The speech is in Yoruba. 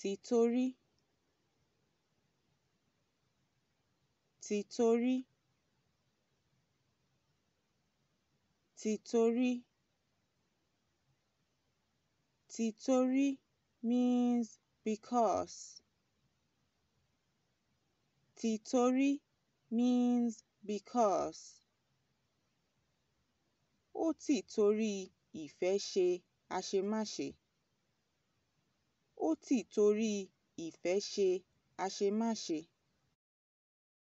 tìtorí tìtorí tìtorí tìtorí means because tìtorí means because ó tìtorí ìfẹ́ ṣe àṣemáṣe ó ti torí ìfẹ́ ṣe àṣemáṣe